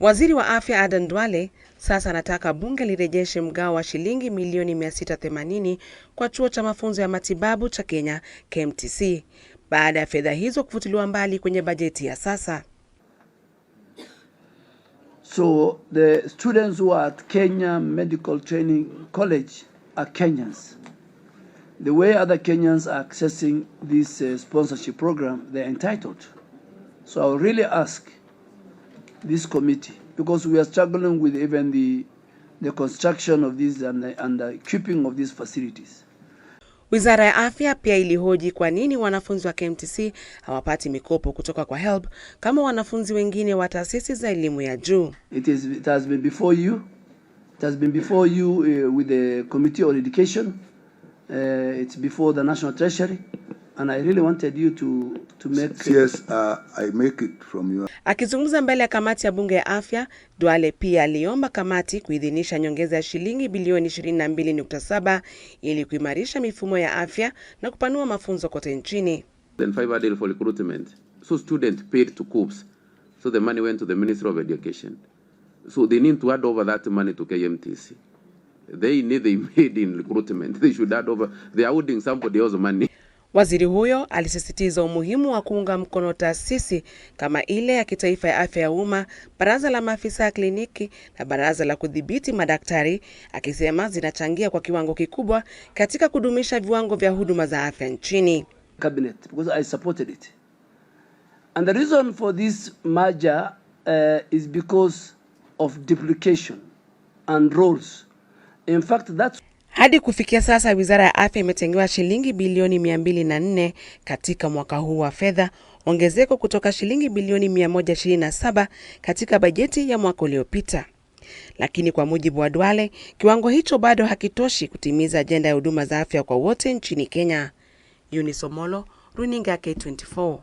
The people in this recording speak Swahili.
Waziri wa Afya Aden Duale sasa anataka bunge lirejeshe mgao wa shilingi milioni 680 kwa chuo cha mafunzo ya matibabu cha Kenya KMTC baada ya fedha hizo kufutiliwa mbali kwenye bajeti ya sasa. So the students who are at Kenya Medical Training College are Kenyans. The way other Kenyans are accessing this uh, sponsorship program, they're entitled. So I really ask this committee because we are struggling with even the, the construction of this and, the, and the keeping of these facilities. Wizara ya Afya pia ilihoji kwa nini wanafunzi wa KMTC hawapati mikopo kutoka kwa HELB kama wanafunzi wengine wa taasisi za elimu ya juu. It is, it has been before you, it has been before you uh, with the Committee on Education. Uh, it's before the National Treasury and I really wanted you to, to make yes, uh, I make it from you. Akizungumza mbele ya kamati ya bunge ya afya, Duale pia aliomba kamati kuidhinisha nyongeza ya shilingi bilioni 22.7 ili kuimarisha mifumo ya afya na kupanua mafunzo kote nchini. Then five adil for recruitment. So student paid to COOPS. So the money went to the Ministry of Education. So they need to add over that money to KMTC. They need they made in recruitment. They should add over. They are holding somebody else money. Waziri huyo alisisitiza umuhimu wa kuunga mkono taasisi kama ile ya kitaifa ya afya ya umma, baraza la maafisa ya kliniki na baraza la kudhibiti madaktari, akisema zinachangia kwa kiwango kikubwa katika kudumisha viwango vya huduma za afya nchini. Hadi kufikia sasa Wizara ya Afya imetengewa shilingi bilioni 204 katika mwaka huu wa fedha, ongezeko kutoka shilingi bilioni 127 katika bajeti ya mwaka uliopita. Lakini kwa mujibu wa Duale, kiwango hicho bado hakitoshi kutimiza ajenda ya huduma za afya kwa wote nchini Kenya. Eunice Omolo, Runinga K24.